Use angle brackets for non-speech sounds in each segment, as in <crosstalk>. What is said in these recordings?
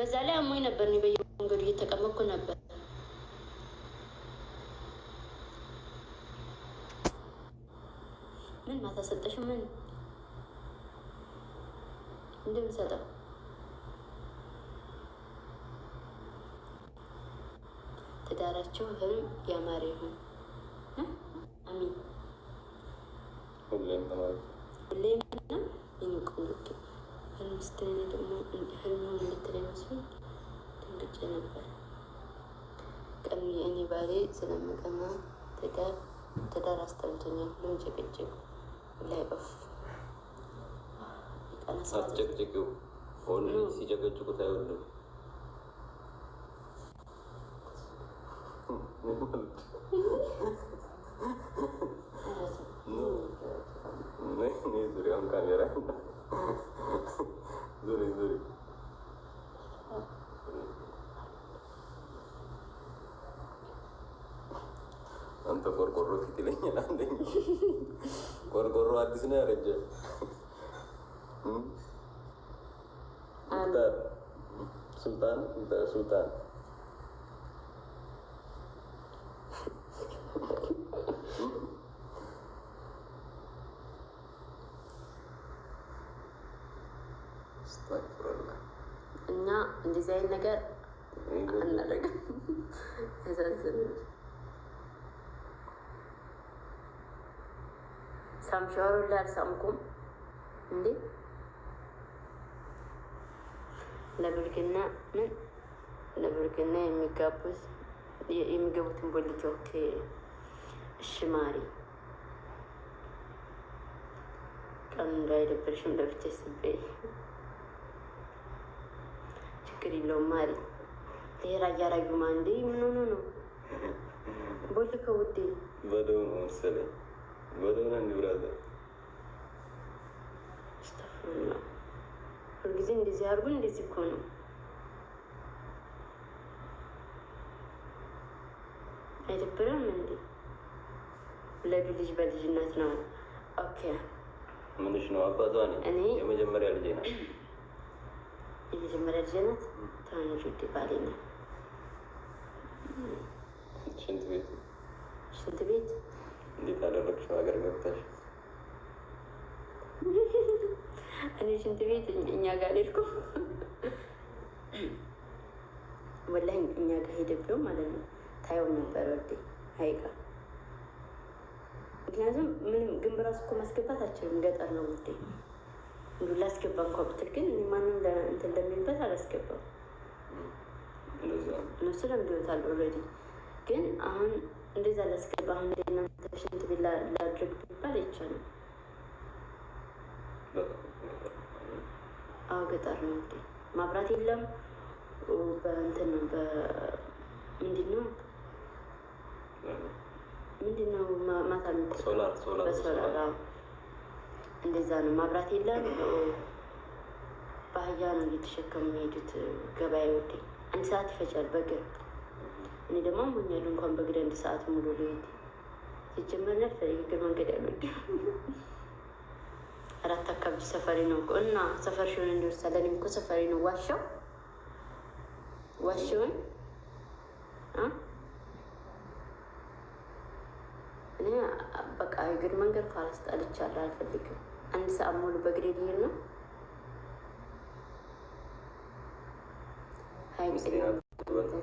በዛ ላይ አሞኝ ነበር። እኔ በየመንገዱ እየተቀመጥኩ ነበር። ምን ማታሰጠሽ ምን እንደምሰጠው ትዳራቸው ህልም ያማረ ይሁን። አሚን። ሁሌም ሁሌም ይንቁ ህልም ስትለኝ ደግሞ ህልም ራሱ ድንግጭ ነበር። ቀሚ እኔ ባሌ ስለምቀማ ትዳር ትዳር አስጠልቶኛል ብሎ ጭቅጭቅ ላይ ኦፍ አስጨቅጭቅ ሆን ሲጨቀጭቁ ታይወልም ቆርቆሮ ትትለኛል። አንደኛ ቆርቆሮ አዲስ ነው ያረጀ ሱልጣን ሱልጣን እና እንደዚህ አይነት ነገር አናደርግም። <laughs> ሳምሻሩ ላይ አልሳምኩም እንዴ ለብልግና ምን ለብልግና የሚጋቡት የሚገቡትን ቦልጆች እሽማሪ ቀን እንዳይደብርሽም ለብቻ ስበይ ችግር የለውም አለ ሌላ እያራዩ ማንዴ ምን ሆኖ ነው ቦልከ ውዴ በደው መሰለኝ በደምነን ብራዘር ሁልጊዜ እንደዚህ አድርጉ እንደዚህ እኮ ነው አይደብርም እንዴ? ለዱ ልጅ በልጅነት ነው። ኦኬ ምንሽ ነው አባቷ? እኔ የመጀመሪያ ልጄ ናት። የመጀመሪያ ልጄ ናት። ትንሽ ውድ ባሌ ነው። ሽንት ቤት ሽንት ቤት ነበርሽ ሀገር ገብተሽ? እኔ ሽንት ቤት እኛ ጋር አልሄድኩም። ወላሂ እኛ ጋር ሄደብው ማለት ነው ታየው ነበር ወዴ ሀይቃ። ምክንያቱም ምንም ግን በራሱ እኮ ማስገባት አችልም፣ ገጠር ነው ውዴ። እንዱ ላስገባ እንኳ ብትል ግን ማንም እንትን እንደሚልበት አላስገባም። እነሱ ለምደውታል ኦልሬዲ ግን አሁን እንደዛ ላስገባ አሁን እናንተ ሽንት ቤት ላድርግ ቢባል አይቻልም። አዎ ገጠር ነው እንዴ ማብራት የለም። በእንትን ነው ምንድን ነው ምንድን ነው ማታ በሶላር እንደዛ ነው። ማብራት የለም። በአህያ ነው እየተሸከሙ የሄዱት ገበያ ወዴ አንድ ሰዓት ይፈጃል በግር እኔ ደግሞ ሙኛሉ እንኳን በእግር አንድ ሰዓት ሙሉ ልሄድ ሲጀመር ነበር የእግር መንገድ ያሉድ አራት አካባቢ ሰፈሪ ነው እና ሰፈር ሽሆን እንደወሳለ እኔም እኮ ሰፈሪ ነው ዋሻው ዋሻውን እኔ በቃ የእግር መንገድ ካላስጣልቻለሁ አልፈልግም። አንድ ሰዓት ሙሉ በእግሬ ልሄድ ነው። ሀይ ሀይቅ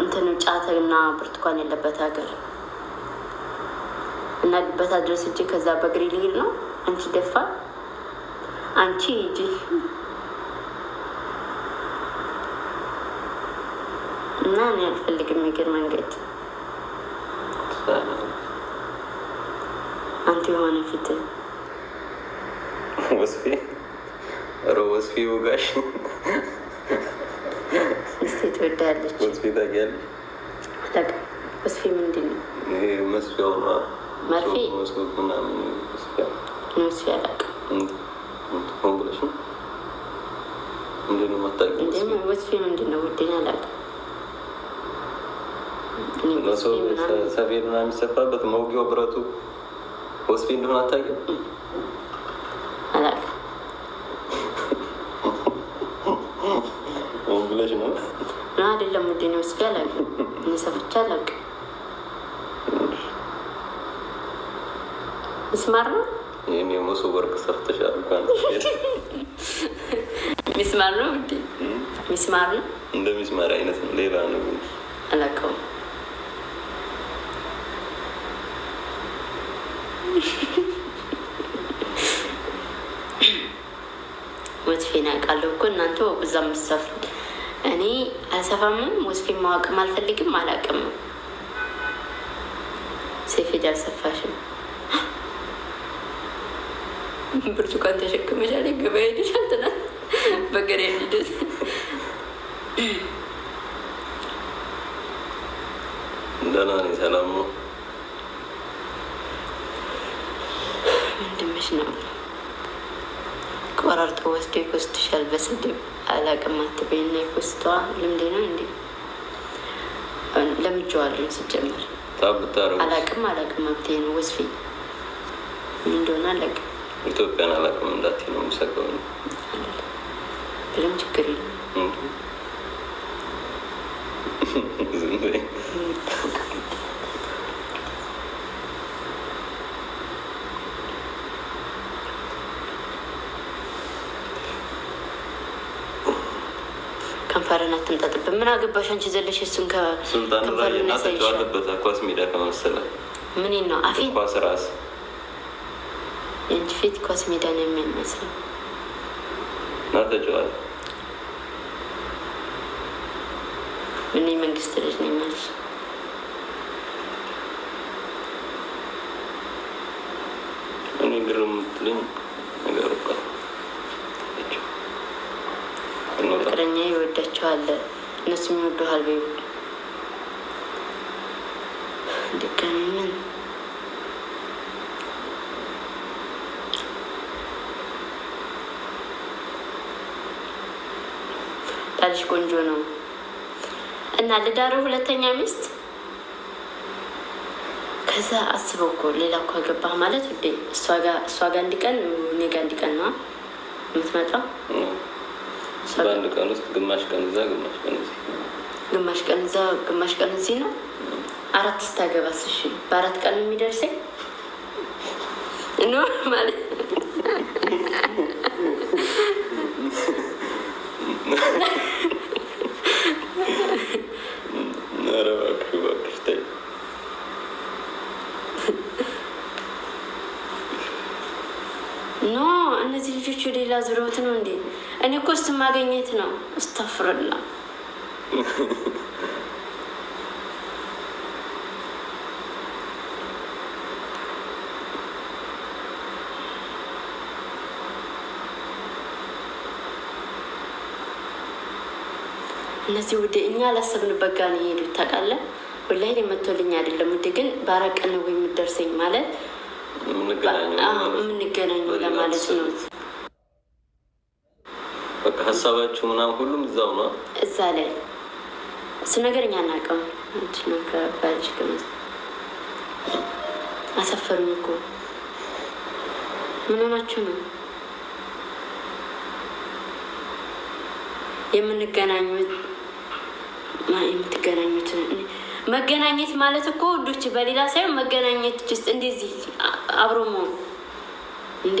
እንትን ጫት እና ብርቱካን ያለበት ሀገር እና በታ ድረስ እጅ ከዛ በእግሬ ልሄድ ነው። አንቺ ደፋ አንቺ እጅ እና እኔ አልፈልግም የእግር መንገድ አንተ የሆነ ፊት ወስፌ ሮ ወስፌ ወጋሽ ሴት ወዳለች። ወስፌ ታውቂያለሽ? ወስፌ ምንድን ነው? ይሄ መስፊያው መርፌ ሰፌድ ምናምን የሚሰፋበት መውጊያው ብረቱ ወስፌ እንደሆነ አታውቂም? ለምንድን ነው እስኪ አላውቅም። እኔ አላውቅም። ሚስማር ነው ሚስማር ነው እንዴ? ሚስማር ነው እንደ ሚስማር አይነት ነው። ሌላ ነው አላውቀውም። ወትፌን አውቃለሁ እኮ እናንተ እዛ የምትሰፍሩት እኔ አልሰፋምም፣ ወስፌ ማወቅም አልፈልግም፣ አላቅም። ሴፌድ አልሰፋሽም፣ ብርቱካን ተሸክመሻል፣ ገበያ ሄደሻል፣ ትናንት በገሬ የሚደት ደህና ነኝ፣ ሰላም ነው። ወንድምሽ ነው ቆራርጦ ወስዶ ይኮስትሻል። በስድብ አላቅም አትበይና የኮስቷ ልምዴ ነው እንዲ ለምጄዋለሁ። ሲጀመር አላቅም አላቅም መብቴ ነው። ወስፊ እንደሆነ አላቅም ኢትዮጵያን አላቅም እንዳት ነው የምሰገው ነው ብለም ችግር የለም <laughs> መካረን አትምጣጥብን። ምን አገባሽ አንቺ ዘለሽ እሱን ከሱልጣን ራየና ተጫዋተበት ኳስ ሜዳ ከመሰለ ምን ነው አፌን ኳስ ራስ የእጅ ፊት ኳስ ሜዳ ነው የሚመስለው እና ተጫዋት ምን መንግስት ልጅ ነው የሚያልሽ እኔ ግርም ትልኝ ፍቅረኛ ይወዳቸዋል፣ እነሱም ይወዱሃል። ቤ ድጋሚ ባልሽ ቆንጆ ነው እና ልዳሩ ሁለተኛ ሚስት ከዛ አስበው እኮ ሌላ እኮ ገባህ ማለት ውዴ፣ እሷ ጋር እንዲቀን እኔ ጋር እንዲቀን ነው የምትመጣው። በአንድ ቀን ውስጥ ግማሽ ቀን እዛ፣ ግማሽ ቀን እዚህ፣ ግማሽ ቀን እዛ፣ ግማሽ ቀን እዚህ ነው። አራት ስታገባስ? እሺ በአራት ቀን የሚደርሰኝ ኖር ማለት ኖ እነዚህ ልጆች ወደ ሌላ ዙረውት ነው እንዴ? እኔ እኮ እስት ማገኘት ነው። እስተፍርላ እነዚህ ውዴ እኛ አላሰብንበት ጋር ነው የሄዱት። ታውቃለህ ወላሂ መቶልኝ አይደለም ውዴ፣ ግን ባረቀን ነው የሚደርሰኝ ማለት የምንገናኘው ለማለት ነው። ሀሳባችሁ ምናምን ሁሉም እዛው ነው እዛ ላይ እሱ ነገር እኛ አናውቀው ባልጅ አሰፈሩኝ እኮ ምን ሆናችሁ ነው የምንገናኙት የምትገናኙት መገናኘት ማለት እኮ ውዶች በሌላ ሳይሆን መገናኘት ውስጥ እንደዚህ አብሮ መሆን እንዴ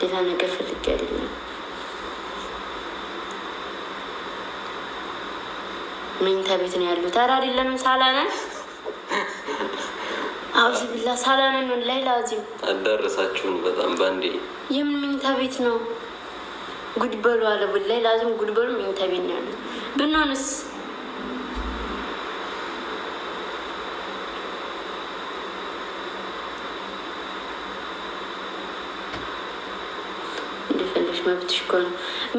ሌላ ነገር ፈልጌ አይደለም። መኝታ ቤት ነው ያሉት። ኧረ አይደለንም፣ ሳላነ አውዚ ብላ ሳላነ ነው ላይ ላዚም አዳረሳችሁን በጣም ባንዴ። የምን መኝታ ቤት ነው ጉድበሉ? አለ ብላይ ላዚም ጉድበሉ መኝታ ቤት ነው ያሉት ብንሆንስ መብትሽ እኮ ነው።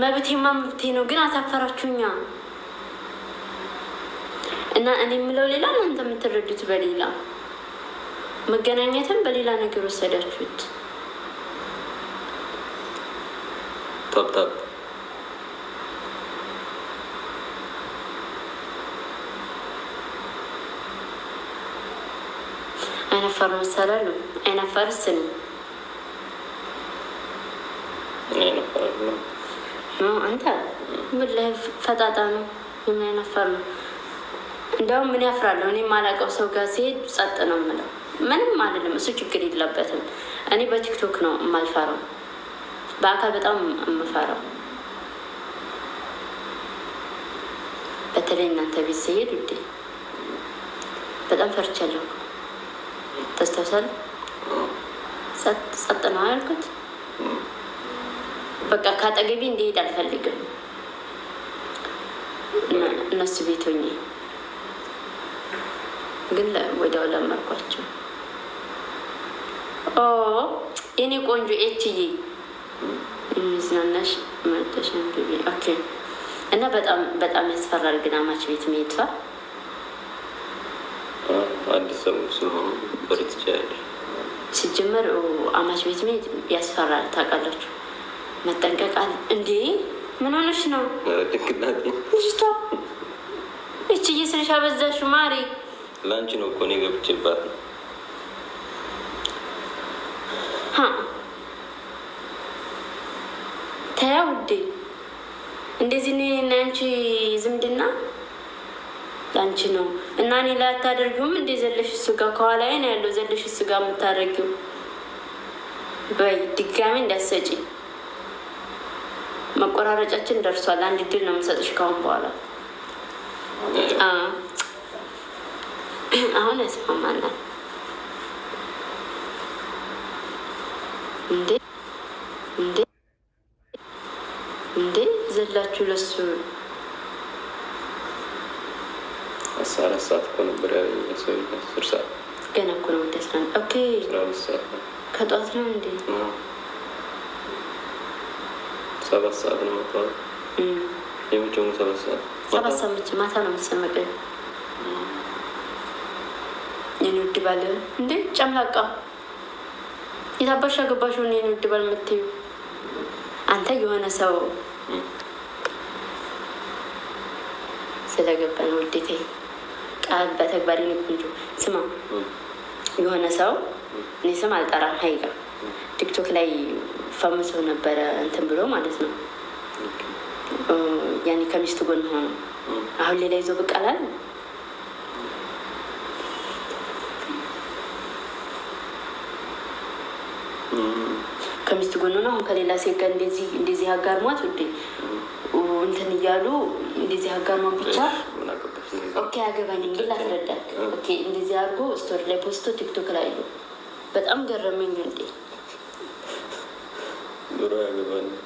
መብቴማ መብቴ ነው፣ ግን አሳፈራችሁኛ። እና እኔ የምለው ሌላ እናንተ የምትረዱት በሌላ መገናኘትም በሌላ ነገር ወሰዳችሁት። ታብታብ አይነፈር መሰላሉ አይነፈርስ ነው አንተ ምን ላይ ፈጣጣ ነው የሚያነፈር ነው። እንደውም ምን ያፍራለሁ። እኔ የማላውቀው ሰው ጋር ሲሄድ ጸጥ ነው የምለው። ምንም አልልም። እሱ ችግር የለበትም። እኔ በቲክቶክ ነው የማልፈራው፣ በአካል በጣም የምፈረው። በተለይ እናንተ ቤት ሲሄድ ውዴ በጣም ፈርቻለሁ። ተስተውሳል ጸጥ ነው አያልኩት በቃ ካጠገቤ እንዲሄድ አልፈልግም። እነሱ ቤቶኝ ግን ወዲያው ለመርኳቸው። ኦ የኔ ቆንጆ ኤችዬ የሚዝናናሽ መተሸን ኦኬ። እና በጣም በጣም ያስፈራል። ግን አማች ቤት መሄድ ሷል አዲስ ሰው ስለሆኑ በሪት ይችላል። ሲጀመር አማች ቤት መሄድ ያስፈራል ታውቃላችሁ። መጠንቀቃል። እንዴ ምን ሆነሽ ነው ልጅቷ? እች እየስንሻ በዛሽ ማሪ። ለአንቺ ነው እኮ እኔ ገብቼባት ነው። ተያ ውዴ፣ እንደዚህ እኔና አንቺ ዝምድና ለአንቺ ነው እና እኔ ላይ አታደርጊውም። እንደ ዘለሽ እሱ ጋር ከኋላዬ ነው ያለው ዘለሽ እሱ ጋር የምታደርጊው በይ ድጋሜ እንዳሰጪ መቆራረጫችን ደርሷል። አንድ ድል ነው የምሰጥሽ ካሁን በኋላ አሁን ያስማማናል እንዴ? እንዴ? እንዴ? ዘላችሁ ለሱ አስራ አራት ሰዓት እኮ ነበር ገና እኮ ነው። ከጠዋት ነው እንዴ? ሰባት ሰዓት ነው የምትሆነው የምትሆኑ ሰባት ሰዓት ሰባት ሰዓት ብቻ ማታ ነው የምትሰመቀኝ? የኔ ውድ ባል እንዴ ጨምላቃ የታባሽ አገባሽውን የኔ ውድ ባል የምትይው አንተ የሆነ ሰው ስለገባን ውዴቴ ቃል በተግባር ንቁ ስማ የሆነ ሰው እኔ ስም አልጠራም ሀይጋ ቲክቶክ ላይ ፈምሰው ነበረ እንትን ብሎ ማለት ነው። ያኔ ከሚስቱ ጎን ሆነ አሁን ሌላ ይዞ ብቅ ከሚስት ከሚስቱ ጎን ሆነ አሁን ከሌላ ሴት ጋር እንደዚህ አጋርሟት ውዴ እንትን እያሉ እንደዚህ አጋርሟት ብቻ ኦኬ ያገባኝ ግን ላስረዳት። ኦኬ እንደዚህ አድርጎ ስቶሪ ላይ ፖስቶ ቲክቶክ ላይ በጣም ገረመኝ እንዴ Дурая Ивановна.